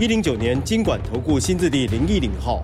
一零九年，金管投顧新字第零一零號。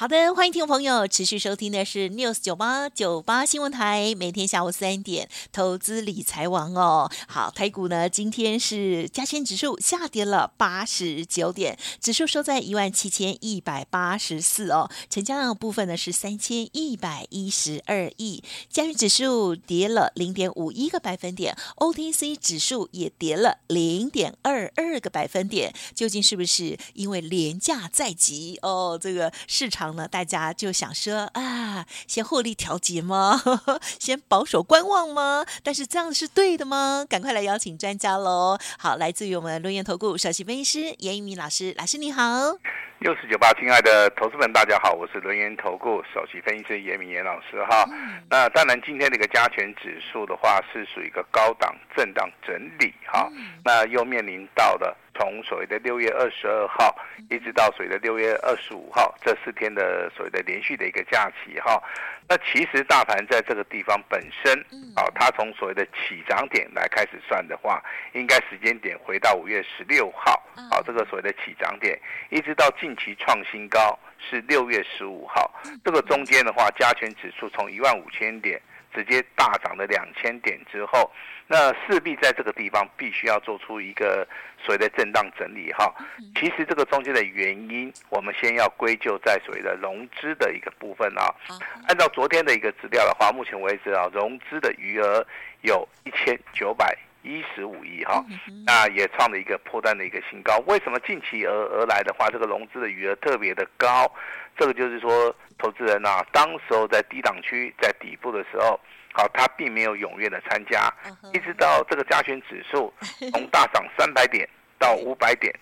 好的，歡迎聽眾朋友持續收聽的是 News 九八九八新聞台，每天下午三點，投資理財王哦。好，台股呢今天是加權指數下跌了八十九點，指數收在一萬七千一百八十四哦，成交量部分呢是三千一百一十二億，加權指數跌了零點五一個百分點，O T C 指數也跌了零點二二個百分點，究竟是不是因為廉價在即哦？這個市場。那大家就想說啊，先獲利調節嗎？ 先保守觀望嗎？但是這樣是對的嗎？趕快來邀請專家嘍！好，來自於我們倫元投顧首席分析師顏逸民老師，老師你好。六四九八，親愛的同事們，大家好，我是倫元投顧首席分析師顏逸民顏老師哈、嗯。那當然，今天這個加權指數的話，是屬於一個高檔震盪整理哈、嗯。那又面臨到的。從所謂的六月二十二號一直到所謂的六月二十五號，這四天的所謂的連續的一個假期哈，那其實大盤在這個地方本身嗯啊，它從所謂的起漲點來開始算的話，應該時間點回到五月十六號啊，這個所謂的起漲點，一直到近期創新高是六月十五號，這個中間的話，加權指數從一萬五千點。直接大漲了兩千點之後，那勢必在這個地方必須要做出一個所謂的震盪整理哈。Okay. 其實這個中間的原因，我們先要歸咎在所謂的融資的一個部分啊。Okay. 按照昨天的一個資料的話，目前為止啊，融資的餘額有一千九百。一十五億哈、啊，那也創了一個波段的一個新高。為什麼近期而而來的話，這個融資的餘額特別的高？這個就是說，投資人啊，當時候在低檔區、在底部的時候，好、啊，他並沒有踴躍的參加，uh -huh. 一直到這個加權指數從大漲三百點。 到五百點，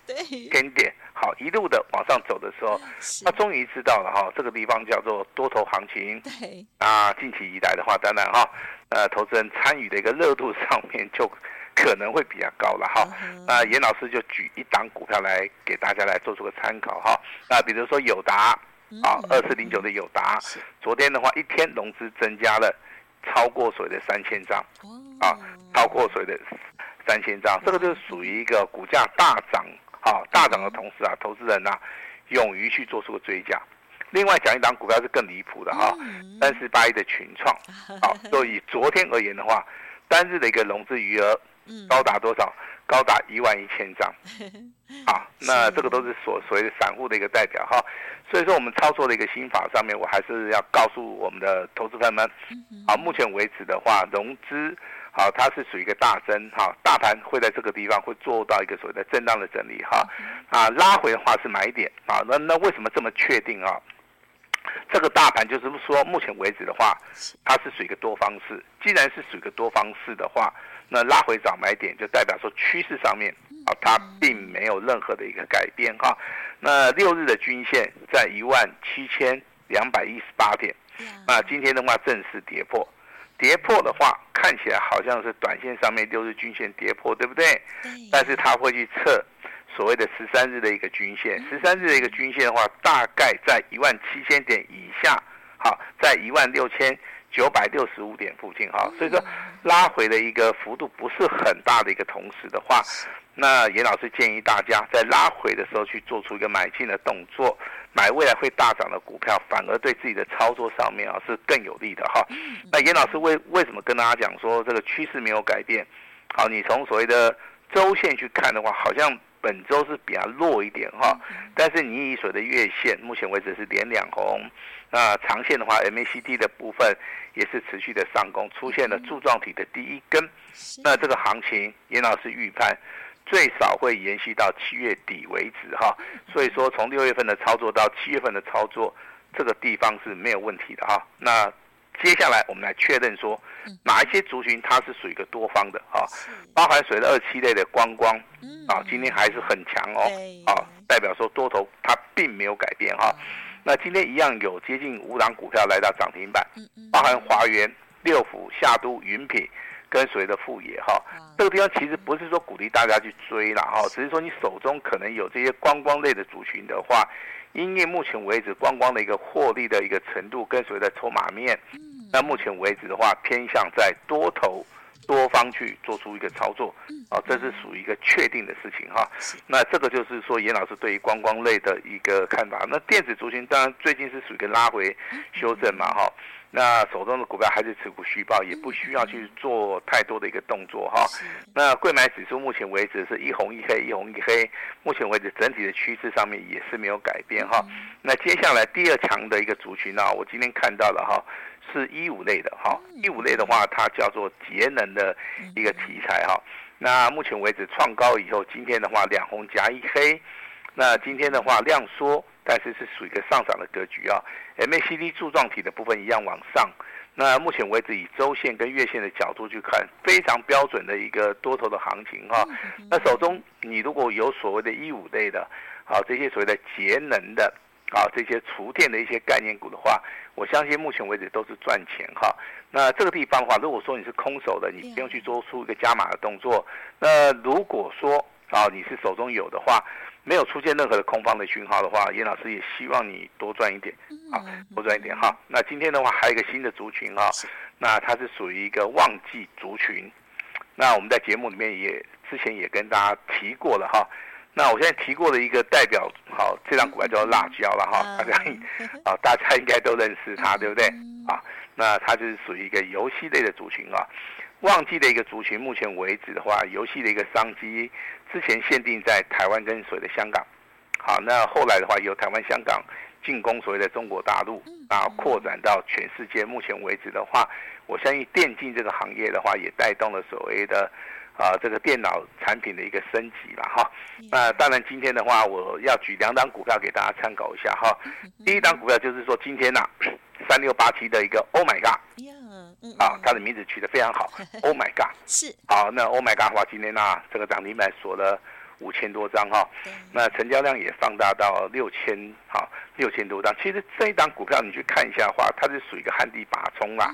跟點，好，一路的往上走的時候，他終於知道了哈，這個地方叫做多頭行情，啊，近期以來的話，當然哈、哦，呃，投資人參與的一個熱度上面就可能會比較高了哈，那、嗯啊、顏老師就舉一檔股票來給大家來做出個參考哈、哦，那比如說友達，啊，嗯、二四零九的友達，昨天的話一天融資增加了超過水的三千張，啊，超過水的。三千張，這個就是屬於一個股價大漲，wow. 啊大漲的同時啊，投資人吶、啊，勇於去做出個追加。另外講一檔股票是更離譜的哈，三十八億的群創，好、啊，所以昨天而言的話，單日的一個融資餘額，高達多少？高達一萬一千張，好、啊，那這個都是所所謂的散戶的一個代表哈、啊。所以說我們操作的一個心法上面，我還是要告訴我們的投資朋友們，啊，目前為止的話，融資。哦、它是屬於一個大升哈、哦，大盤會在這個地方會做到一個所謂的震盪的整理哈、哦，啊，拉回的話是買點啊、哦，那那為什麼這麼確定啊、哦，這個大盤就是說目前為止的話，它是屬於一個多方式，既然是屬於一個多方式的話，那拉回漲買點就代表說趨勢上面啊、哦，它並沒有任何的一個改變哈、哦。那六日的均線在一萬七千兩百一十八點，那、yeah. 啊、今天的話正式跌破。跌破的話，看起來好像是短線上面六日均線跌破，對不對？對。但是它會去測所謂的十三日的一個均線，嗯、十三日的一個均線的話，大概在一萬七千點以下，好，在一萬六千九百六十五點附近哈。所以說拉回的一個幅度不是很大的一個同時的話，那顏老師建議大家在拉回的時候去做出一個買進的動作。買未來會大漲的股票，反而對自己的操作上面啊是更有利的哈。嗯嗯，那顏老師為為什麼跟大家講說這個趨勢沒有改變？好、啊，你從所謂的週線去看的話，好像本周是比較弱一點哈嗯嗯。但是你以所謂的月線，目前為止是連兩紅。那長線的話，MACD 的部分也是持續的上攻，出現了柱狀體的第一根。嗯嗯，那這個行情，顏老師預判。最少會延續到七月底為止哈、啊，所以說從六月份的操作到七月份的操作，這個地方是沒有問題的哈、啊。那接下來我們來確認說，哪一些族群它是屬於一個多方的哈、啊，包含水的二七類的觀光，啊，今天還是很強哦，啊，代表說多頭它並沒有改變哈、啊。那今天一樣有接近五檔股票來到漲停板，包含華源、六福、夏都、雲品。跟隨的副業哈，這個地方其實不是說鼓勵大家去追了哈，只是說你手中可能有這些觀光類的族群的話，因為目前為止觀光的一個獲利的一個程度，跟隨在籌碼面，那目前為止的話偏向在多頭。多方去做出一個操作，啊，這是屬於一個確定的事情哈、啊。那這個就是說，嚴老師對於觀光類的一個看法。那電子族群當然最近是屬於一個拉回修正嘛哈、啊。那手中的股票還是持股續抱，也不需要去做太多的一個動作哈、啊。那櫃買指數目前為止是一紅一黑，一紅一黑。目前為止整體的趨勢上面也是沒有改變哈、啊。那接下來第二強的一個族群呢？我今天看到了哈。啊是一五類的哈、哦，一五類的話，它叫做節能的一個題材哈、哦。那目前為止創高以後，今天的話兩紅夾一黑，那今天的話量縮，但是是屬於一個上漲的格局啊、哦。MACD 柱狀體的部分一樣往上。那目前為止以周線跟月線的角度去看，非常標準的一個多頭的行情哈、哦。那手中你如果有所謂的一五類的，好，這些所謂的節能的。好、啊，這些廚電的一些概念股的話，我相信目前為止都是賺錢哈。那這個地方的話，如果說你是空手的，你不用去做出一個加碼的動作。那如果說啊，你是手中有的話，沒有出現任何的空方的訊號的話，顏老師也希望你多賺一點，啊，多賺一點哈。那今天的話，還有一個新的族群哈、啊，那它是屬於一個旺季族群。那我們在節目裡面也之前也跟大家提過了哈。那我現在提過的一個代表，好，這張股票叫辣椒了哈，大、嗯、家、嗯嗯啊，大家應該都認識他，對不對、嗯？啊，那他就是屬於一個遊戲類的族群啊，旺季的一個族群，目前為止的話，遊戲的一個商機，之前限定在台灣跟所謂的香港，好，那後來的話由台灣、香港進攻所謂的中國大陸，然、啊、後擴展到全世界。目前為止的話，我相信電競這個行業的話，也帶動了所謂的。啊，這個電腦產品的一個升級啦。哈、啊。那、yeah. 啊、當然，今天的話，我要舉兩張股票給大家參考一下哈。啊 mm -hmm. 第一張股票就是說，今天吶、啊，三六八七的一個 Oh My God 呀、yeah. mm，-hmm. 啊，它的名字取得非常好，Oh My God 是。好、啊，那 Oh My God 的話，今天呢、啊，這個漲停板鎖了五千多張哈，啊 mm -hmm. 那成交量也放大到六千哈。六千多張，其實這一檔股票你去看一下的話，它是屬於一個旱地拔蔥啦，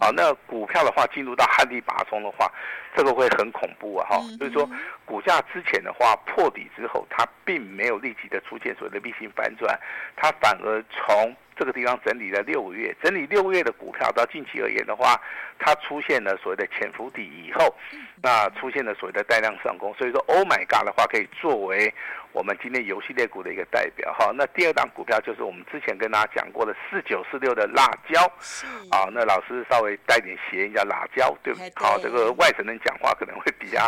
啊，那股票的話進入到旱地拔蔥的話，這個會很恐怖啊哈、嗯嗯，所以說股價之前的話破底之後，它並沒有立即的出現所謂的逆性反轉，它反而從這個地方整理了六個月，整理六個月的股票到近期而言的話，它出現了所謂的潛伏底以後，那、嗯嗯啊、出現了所謂的帶量上攻，所以說 Oh my God 的話可以作為。我們今天遊戲類股的一個代表哈，那第二檔股票就是我們之前跟大家講過的四九四六的辣椒，啊，那老師稍微帶點諧一下辣椒，對不、哎、對？好，這個外省人講話可能會比較，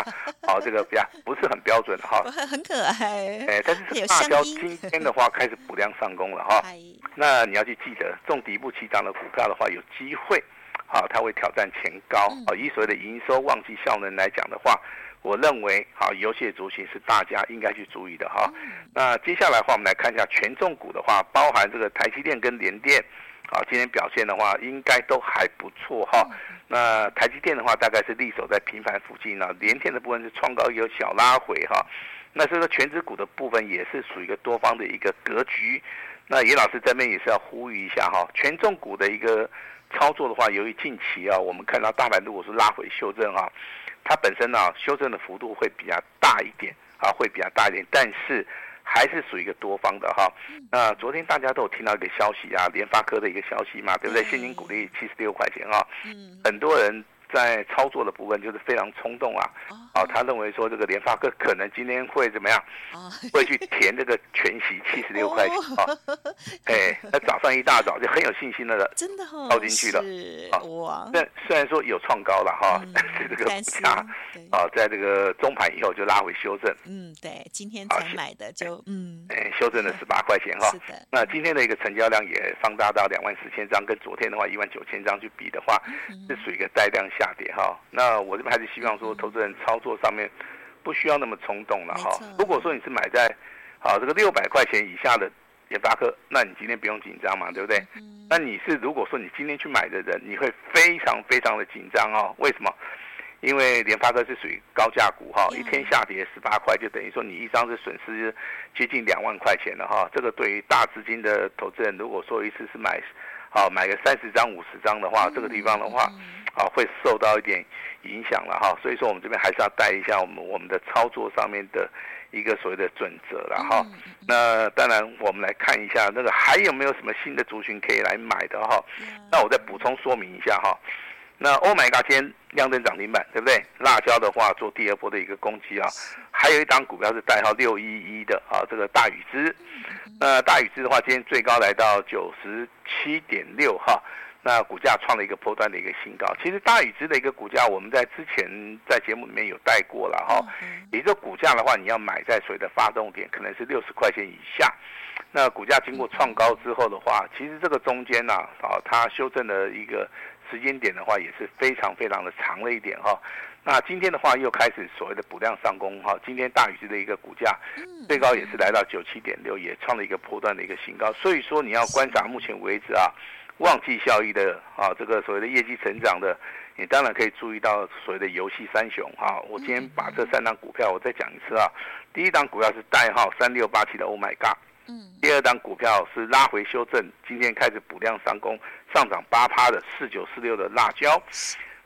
好、 啊，這個比較不是很標準哈、 啊。很可愛，哎，但是辣椒今天的話開始補量上攻了哈、 啊。那你要去記得，中底部起漲的股票的話，有機會，好、啊，它會挑戰前高、嗯、以所謂的營收旺季效能來講的話。我認為，好，遊戲的族群是大家應該去注意的哈。那接下來的話，我們來看一下權重股的話，包含這個台積電跟聯電，啊，今天表現的話應該都還不錯哈。那台積電的話，大概是力守在平盤附近啊。聯電的部分是創高也有小拉回哈、啊。那這個權值股的部分也是屬於一個多方的一個格局。那顏老師這邊也是要呼籲一下哈、啊，權重股的一個操作的話，由於近期啊，我們看到大盤如果是拉回修正啊。它本身呢、啊，修正的幅度會比較大一點，啊，會比較大一點，但是還是屬於一個多方的哈。那、嗯呃、昨天大家都有聽到一個消息啊，聯發科的一個消息嘛，對不對？現金股利七十六塊錢啊，嗯，很多人在操作的部分就是非常衝動啊。哦哦，他認為說這個聯發科可能今天會怎麼樣？哦、會去填這個權息七十六塊錢哦。哦，哎，那早上一大早就很有信心了的，真的哈、哦，進去了，哇！那、哦嗯、雖然說有創高了哈，但是這個股價哦，在這個中盤以後就拉回修正。嗯，對，今天才買的就、哎、嗯，哎，修正了十八塊錢哈、哦。那今天的一個成交量也放大到兩萬四千張，跟昨天的話一萬九千張去比的話，是屬於一個帶量下跌哈、嗯。那我這邊還是希望說，投資人超。做上面不需要那麼衝動了哈、嗯。如果說你是買在好這個六百塊錢以下的聯發科，那你今天不用緊張嘛，對不對、嗯？那你是如果說你今天去買的人，你會非常非常的緊張哦。為什麼？因為聯發科是屬於高價股哈、嗯，一天下跌十八塊，就等於說你一張是損失接近兩萬塊錢了哈、哦。這個對於大資金的投資人，如果說一次是買。好，買個三十張、五十張的話，嗯，這個地方的話，嗯，啊，會受到一點影響了哈。所以說，我們這邊還是要帶一下我們我們的操作上面的一個所謂的準則了哈，嗯。那當然，我們來看一下那個還有沒有什麼新的族群可以來買的哈。嗯，那我再補充說明一下哈。那歐買尬今天亮燈漲停板，對不對？辣椒的話做第二波的一個攻擊啊，還有一檔股票是代號六一一的啊，這個大宇資。那、呃、大宇資的話，今天最高來到九十七點六哈，那股價創了一個波段的一個新高。其實大宇資的一個股價，我們在之前在節目裡面有帶過了哈。一、啊、個股價的話，你要買在誰的發動點？可能是六十塊錢以下。那股價經過創高之後的話，其實這個中間啊、啊它修正了一個。時間點的話也是非常非常的長了一點哈、哦，那今天的話又開始所謂的補量上攻哈、哦，今天大宇資的一個股價最高也是來到九七點六，也創了一個波段的一個新高，所以說你要觀察目前為止啊旺季效益的啊，這個所謂的業績成長的，你當然可以注意到所謂的遊戲三雄哈、啊，我今天把這三檔股票我再講一次啊，第一檔股票是代號三六八七的歐買尬，第二檔股票是拉回修正，今天開始補量上攻，上漲八趴的四九四六的辣椒。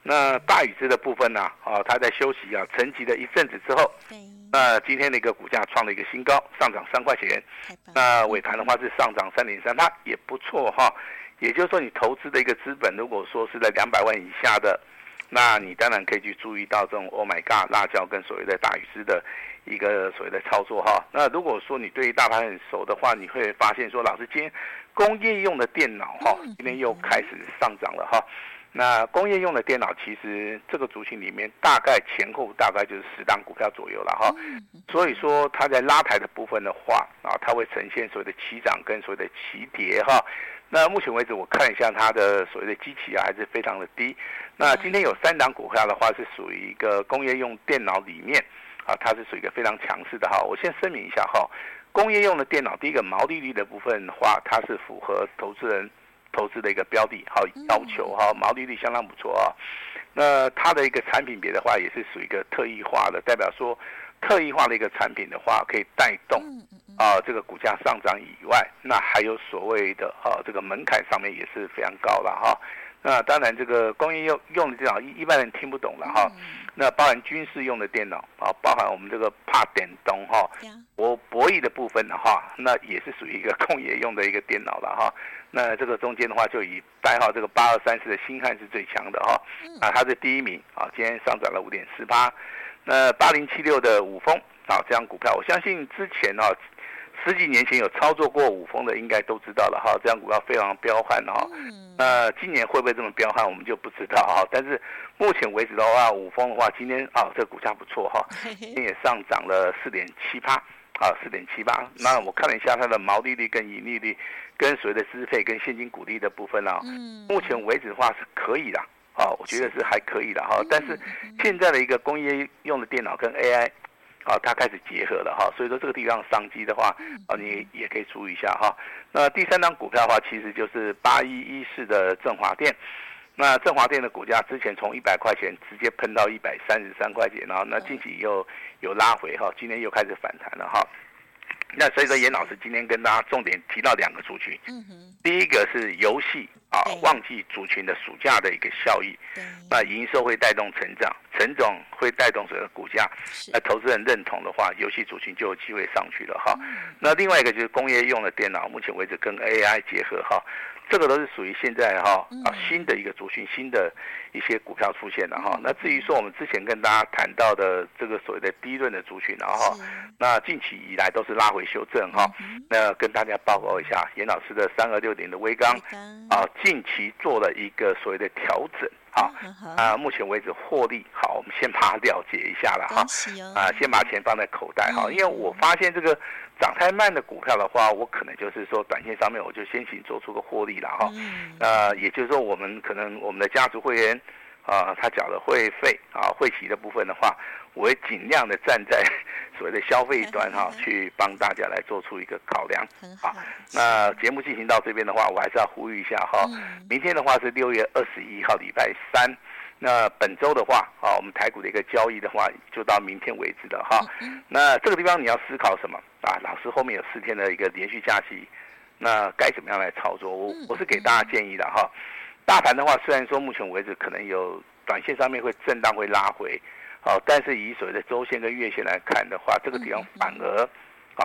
那大宇資的部分呢、啊？啊，他在休息啊，沉寂了一陣子之後，那、okay. 呃、今天的一個股價創了一個新高，上漲三塊錢。那、呃、尾盤的話是上漲三點三，它也不錯哈、啊。也就是說，你投資的一個資本，如果說是在兩百萬以下的，那你當然可以去注意到這種 Oh my God，辣椒跟所謂的大宇資的。一個所謂的操作哈，那如果說你對於大盤很熟的話，你會發現說，老師今天工業用的電腦哈，今天又開始上漲了哈。那工業用的電腦其實這個族群裡面大概前後大概就是十檔股票左右了哈。所以說它在拉抬的部分的話啊，它會呈現所謂的齊漲跟所謂的齊跌哈。那目前為止我看一下它的所謂的基期啊，還是非常的低。那今天有三檔股票的話是屬於一個工業用電腦裡面。啊，它是屬於一個非常強勢的哈。我先聲明一下哈，工業用的電腦，第一個毛利率的部分的話，話它是符合投資人投資的一個標的哈要求哈，毛利率相當不錯啊。那它的一個產品別的話，也是屬於一個特異化的，代表說特異化的一個產品的話，可以帶動啊這個股價上漲以外，那還有所謂的啊這個門檻上面也是非常高了哈。那當然這個工業用用的電腦，一般人聽不懂了哈。嗯那包含軍事用的電腦啊，包含我們這個帕點東哈。Yeah. 我博弈的部分的話、啊，那也是屬於一個工業用的一個電腦了哈、啊。那這個中間的話，就以代號這個八二三四的新漢是最強的哈。啊，它是第一名啊，今天上漲了五點四八。那八零七六的伍豐啊，這張股票，我相信之前啊。十幾年前有操作過伍豐的，應該都知道了哈，這檔股票非常彪悍哈、哦。嗯。那、呃、今年會不會這麼彪悍，我們就不知道哈、啊。但是目前為止的話，伍豐的話，今天啊、哦，這個股價不錯哈，今天也上漲了四點七八啊，四點七八。那我看了一下它的毛利率跟盈利率，跟所謂的支配跟現金股利的部分呢、啊，嗯，目前為止的話是可以的啊、哦，我覺得是還可以的哈、嗯。但是現在的一個工業用的電腦跟 AI。好，它開始結合了哈，所以說這個地方商機的話，啊，你也可以注意一下哈。那第三張股票的話，其實就是八一一四的振華電。那振華電的股價之前從一百塊錢直接噴到一百三十三塊錢，然後那近期又有拉回哈，今天又開始反彈了哈。那所以說，嚴老師今天跟大家重點提到兩個族群，嗯、哼第一個是遊戲啊，旺季族群的暑假的一個效益，那營收會帶動成長，成長會帶動所有的股價，那投資人認同的話，遊戲族群就有機會上去了哈、嗯。那另外一個就是工業用的電腦，目前為止跟 AI 結合哈。這個都是屬於現在哈、哦、啊新的一個族群，新的一些股票出現了哈、哦。那至於說我們之前跟大家談到的這個所謂的低潤的族群然、哦、後、哦、那近期以來都是拉回修正哈、哦。那跟大家報告一下，嚴老師的3260的威剛，啊，近期做了一個所謂的調整。好，啊，目前為止獲利好，我們先把它了解一下了哈。啊，先把錢放在口袋哈，因為我發現這個漲太慢的股票的話，我可能就是說，短線上面我就先行做出個獲利了哈。呃、啊、也就是說，我們可能我們的家族會員。啊，他繳的會費啊，會席的部分的話，我會盡量的站在所謂的消費端哈、嗯嗯，去幫大家來做出一個考量。很、嗯、好、嗯啊嗯。那節目進行到這邊的話，我還是要呼籲一下哈、啊嗯，明天的話是六月二十一號禮拜三。那本周的話啊，我們台股的一個交易的話，就到明天為止了哈、啊嗯嗯。那這個地方你要思考什麼啊？老師後面有四天的一個連續假期，那該怎麼樣來操作？我、嗯、我是給大家建議的哈。嗯嗯啊大盤的話，雖然說目前為止可能有短線上面會震盪會拉回，好，但是以所謂的周線跟月線來看的話，這個地方反而，啊、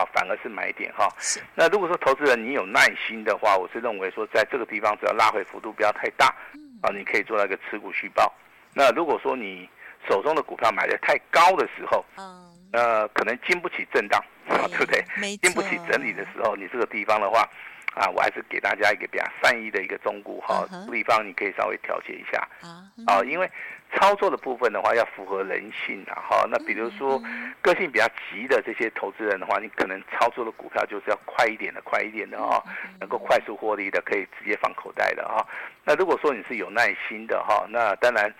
嗯嗯，反而是買點哈。是。那如果說投資人你有耐心的話，我是認為說在這個地方只要拉回幅度不要太大，啊、嗯，你可以做那個持股續抱。那如果說你手中的股票買得太高的時候，嗯，呃可能經不起震盪，嗯、對，對不對？沒錯。經不起整理的時候，你這個地方的話。啊，我還是給大家一個比較善意的一個忠告哈，這個地方你可以稍微調節一下啊，哦，因為操作的部分的話要符合人性的，啊、哈。那比如說個性比較急的這些投資人的話，你可能操作的股票就是要快一點的，快一點的哈，能夠快速獲利的可以直接放口袋的哈。那如果說你是有耐心的哈，那當然。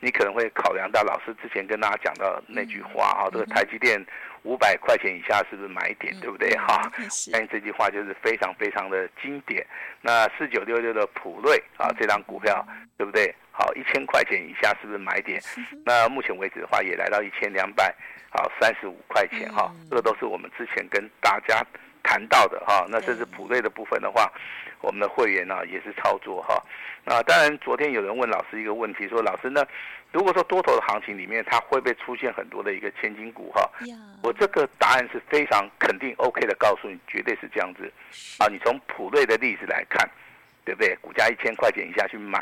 你可能會考量到老師之前跟大家講到那句話哈，這、嗯、個、啊就是、台積電五百塊錢以下是不是買點，嗯、對不對哈？相、啊、信、嗯、這句話就是非常非常的經典。那四九六六的譜瑞啊，嗯、這檔股票對不對？好，一千塊錢以下是不是買點、嗯？那目前為止的話也來到一千兩百好，三十五塊錢哈、啊嗯，這個都是我們之前跟大家。談到的哈，那這是普瑞的部分的話，我們的會員呢也是操作哈。那當然，昨天有人問老師一個問題，說老師呢，如果說多頭的行情裡面，它會不會出現很多的一個千金股哈？我這個答案是非常肯定 OK 的，告訴你，絕對是這樣子。啊，你從普瑞的例子來看，對不對？股價一千塊錢以下去買，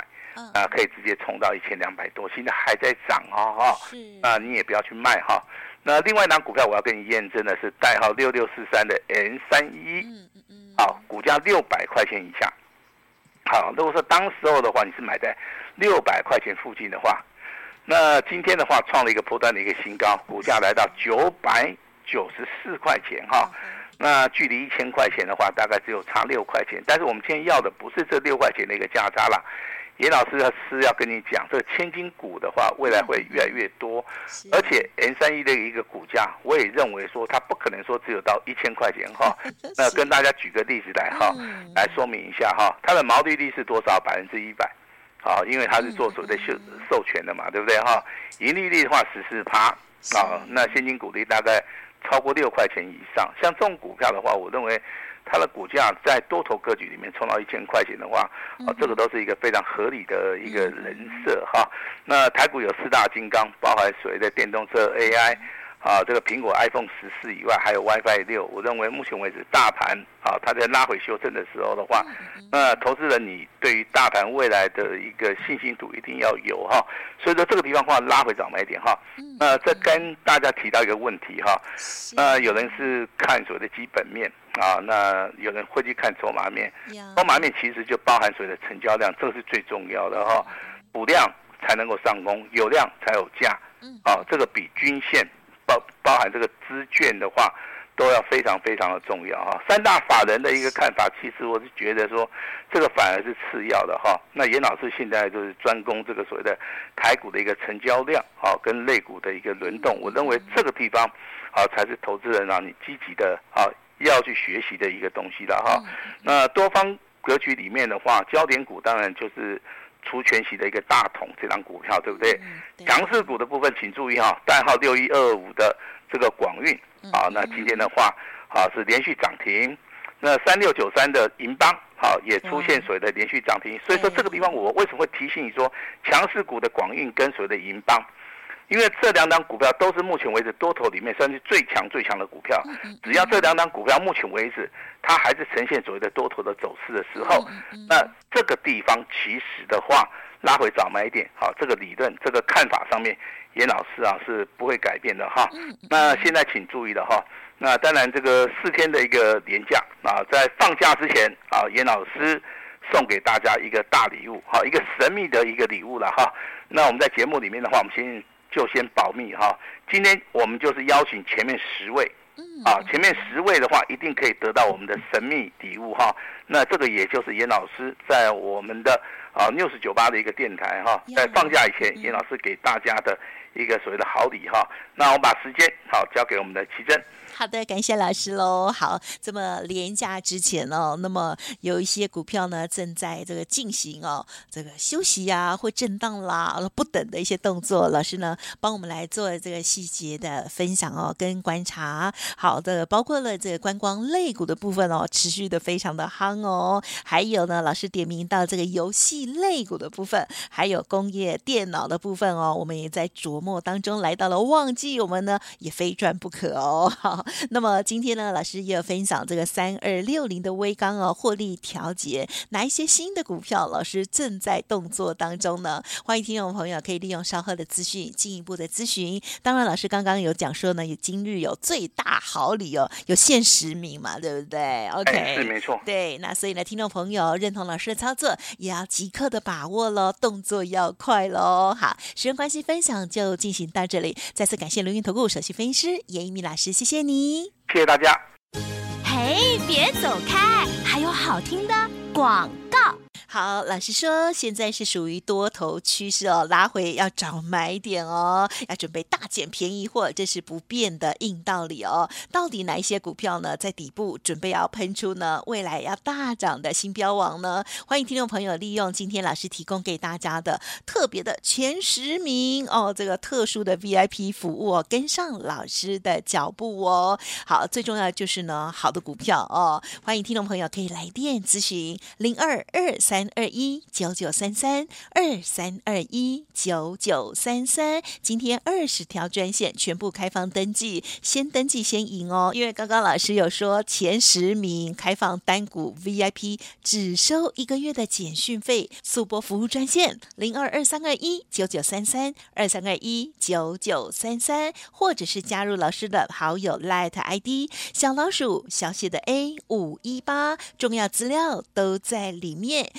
啊、嗯，可以直接衝到一千兩百多，現在還在漲啊哈、哦。那你也不要去賣哈。那另外呢，股票，我要跟你驗證的是代號六六四三的 N 三一，好，股價六百塊錢以下，好，如果說當時候的話，你是買在六百塊錢附近的話，那今天的話創了一個波段的一個新高，股價來到九百九十四塊錢哈，那距離一千塊錢的話，大概只有差六塊錢，但是我們今天要的不是這六塊錢的一個價差啦。顏老師要是要跟你講，這個千金股的話，未來會越來越多。而且，M 三一的一個股價，我也認為說，它不可能說只有到一千塊錢哈。 那跟大家舉個例子來哈、嗯，來說明一下哈，它的毛利率是多少？百分之一百。好，因為它是做所謂的授授權的嘛，嗯嗯對不對哈？盈利率的話，十四趴。啊，那現金股利大概超過六塊錢以上。像這種股票的話，我認為。它的股價在多頭格局裡面衝到一千塊錢的話，啊，這個都是一個非常合理的一個人設哈，啊。那台股有四大金剛，包含所謂的電動車、AI。啊，這個蘋果 iPhone 十四以外，還有 WiFi 六。我認為目前為止大盤，大盤啊，它在拉回修正的時候的話，那、嗯嗯呃、投資人你對於大盤未來的一個信心度一定要有哈、哦。所以說這個地方的話，拉回找買點哈。那、哦呃、再跟大家提到一個問題哈，那、哦呃、有人是看所謂的基本面啊，那有人會去看籌碼面。籌、哦、碼面其實就包含所謂的成交量，這是最重要的哈。哦、補量才能夠上攻，有量才有價。嗯、啊，這個比均線。包含這個資券的話，都要非常非常的重要哈、啊。三大法人的一個看法，其實我是覺得說，這個反而是次要的哈、啊。那嚴老師現在就是專攻這個所謂的台股的一個成交量、啊，好跟類股的一個輪動，我認為這個地方好、啊、才是投資人讓、啊、你積極的啊要去學習的一個東西了哈、啊。那多方格局裡面的話，焦點股當然就是。出全息的一個大同，這張股票對不對，嗯、對。強勢股的部分，請注意哈、啊，代號六一二五的這個廣運、嗯、啊，那今天的話、嗯、啊是連續漲停。那三六九三的銀邦好、啊，也出現所謂的連續漲停、嗯，所以說這個地方我為什麼會提醒你說、嗯、強勢股的廣運跟所謂的銀邦，因為這兩檔股票都是目前為止多頭裡面算是最強最強的股票，只要這兩檔股票目前為止它還是呈現所謂的多頭的走勢的時候，那這個地方其實的話拉回早買點，好，這個理論這個看法上面，顏老師啊是不會改變的哈。那現在請注意了哈，那當然這個四天的一個連假啊，在放假之前啊，顏老師送給大家一個大禮物，好，一個神秘的一個禮物了哈。那我們在節目裡面的話，我們先。就先保密哈，今天我們就是邀請前面十位，嗯、啊，前面十位的話一定可以得到我們的神秘禮物哈。那這個也就是顏老師在我們的啊 News98 的一個電台哈，在放假以前，顏、嗯、老師給大家的。一個所謂的好禮哈，那我們把時間好交給我們的琦蓁。好的，感謝老師嘍。好，這麼連假之前哦，那麼有一些股票呢正在這個進行哦，這個休息呀、啊、或震盪啦不等的一些動作，老師呢幫我們來做這個細節的分享哦跟觀察。好的，包括了這個觀光類股的部分哦，持續的非常的夯哦，還有呢，老師點名到這個遊戲類股的部分，還有工業電腦的部分哦，我們也在琢磨。末當中來到了旺季，我們呢也非賺不可哦。那麼今天呢，老師也有分享這個三二六零的威剛哦，獲利調節，哪一些新的股票，老師正在動作當中呢。歡迎聽眾朋友可以利用稍後的資訊進一步的諮詢。當然，老師剛剛有講說呢，有今日有最大好禮哦，有限十名嘛，對不對？OK，對、哎，沒錯。對，那所以呢，聽眾朋友認同老師的操作，也要即刻的把握嘍，動作要快嘍。好，時間關係，分享就進行到這裡，再次感謝倫元投顧首席分析師顏逸民老師，謝謝你。謝謝大家。嘿，別走開，還有好聽的廣告。好，老師說現在是屬於多頭趨勢哦，拉回要找買點哦，要準備大撿便宜貨，這是不變的硬道理哦。到底哪一些股票呢，在底部準備要噴出呢？未來要大漲的新標王呢？歡迎聽眾朋友利用今天老師提供給大家的特別的前十名哦，這個特殊的 VIP 服務哦，跟上老師的腳步哦。好，最重要就是呢，好的股票哦。歡迎聽眾朋友可以來電諮詢零二二三二一九九三三二三二一九九三三，今天二十條專線全部開放登記，先登記先贏哦！因為剛剛老師有說前十名開放單股 VIP，只收一個月的簡訊費。速播服務專線零二二三二一九九三三二三二一九九三三，或者是加入老師的好友 LINE ID 小老鼠小寫的 A 五一八，重要資料都在裡面。